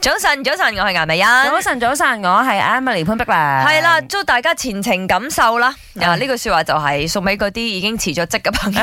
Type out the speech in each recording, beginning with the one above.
早晨，早晨，我係顏美欣。早晨，早晨，我係 Emily 潘碧良。係啦，祝大家前程錦繡啦！啊，呢句說話就係送俾嗰啲已經辭咗職嘅朋友，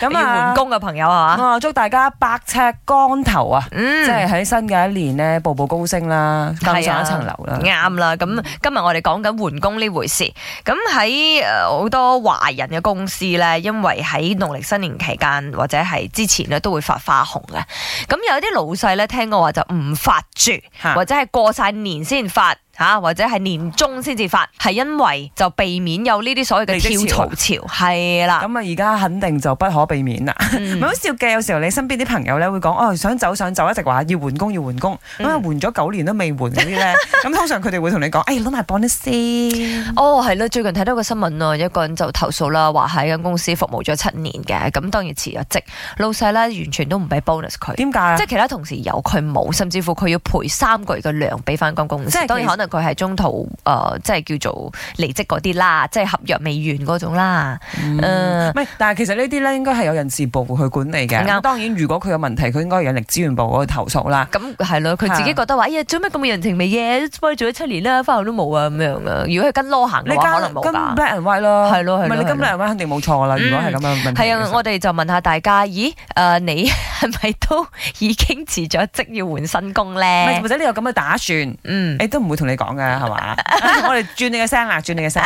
咁要換工嘅朋友係嘛？我祝大家百尺竿頭啊！即係喺新嘅一年咧，步步高升啦，更上一層樓啦。啱啦，咁今日我哋講緊換工呢回事，咁喺好多華人嘅公司咧，因為喺農曆新年期間或者係之前咧，都會發花紅嘅。咁有啲老細咧，聽講話就唔發。發住，或者係過晒年先發。吓，或者係年終先至發，係因為就避免有呢啲所謂嘅跳槽的潮、啊，係啦的。咁啊而家肯定就不可避免啦。唔、嗯、 好笑嘅，有時候你身邊啲朋友咧會講，哦，想走想走，一直話要換工要換工，咁啊、嗯、換咗九年都未換嗰啲咧。咁 通常佢哋會同你講，哎攞埋 bonus。哦係啦，最近睇到一個新聞啊，一個人就投訴啦，話喺間公司服務咗七年嘅，咁當然辭咗職，老細咧完全都唔俾 bonus 佢。點解？即係其他同事有佢冇，甚至乎佢要賠三個月嘅糧俾翻間公司。是當然可能。佢係中途、呃、即係叫做離職嗰啲啦，即係合約未完嗰種啦。嗯呃、但係其實呢啲咧應該係有人事部去管理嘅。當、嗯、當然如果佢有問題，佢應該人力資源部去投訴啦。咁係咯，佢、嗯、自己覺得話，做乜咁嘅人情味嘢？幫你做咗七年啦，翻嚟都冇啊，咁樣如果係跟羅行你話，可能跟 Black and White 咯，係咯，你跟 Black and White 肯定冇錯啦。嗯、如果係咁樣嘅問題的，係啊，我哋就問下大家，咦？呃、你。 係咪都已經辭咗職要換新工咧？或者你有咁嘅打算？嗯，也不會跟你都唔會同你講嘅係嘛？我哋轉你嘅聲啊，轉你嘅聲。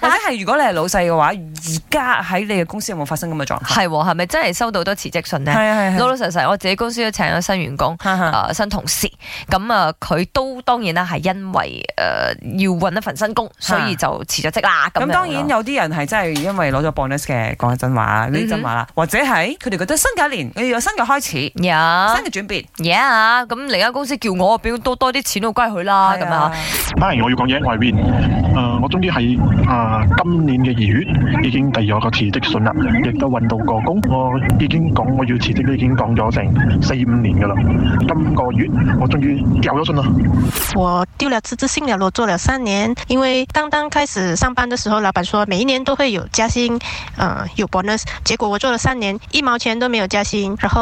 或者係如果你係老細嘅話，而家喺你嘅公司有冇發生咁嘅狀況？係、哦，係咪真係收到好多辭職信咧？係係係。老老實實，我自己公司都請咗新員工是是、呃，新同事，咁、嗯、啊，佢、呃、都當然啦，係因為誒、呃、要搵一份新工，所以就辭咗職啦。咁是這樣 當然有啲人係真係因為攞咗 bonus 嘅，講真話，呢啲真話啦。或者係佢哋覺得新嘅一年，新嘅開始，新嘅轉變，咁、yeah, 另一間公司叫我，俾多多啲錢都歸佢啦，咁啊 Yeah.。阿賢，我要講嘢，喺外邊？誒，我終於係啊，今年嘅二月已經遞咗個辭職信啦，亦都搵到過工。我已經講我要辭職，已經講咗成四五年噶啦。今個月我終於有咗信啦。我丟了辭職信啦，我做了三年，因為當當開始上班嘅時候，老闆說每一年都會有加薪，誒、呃，有 bonus。結果我做了三年，一毛錢都沒有加薪，然後。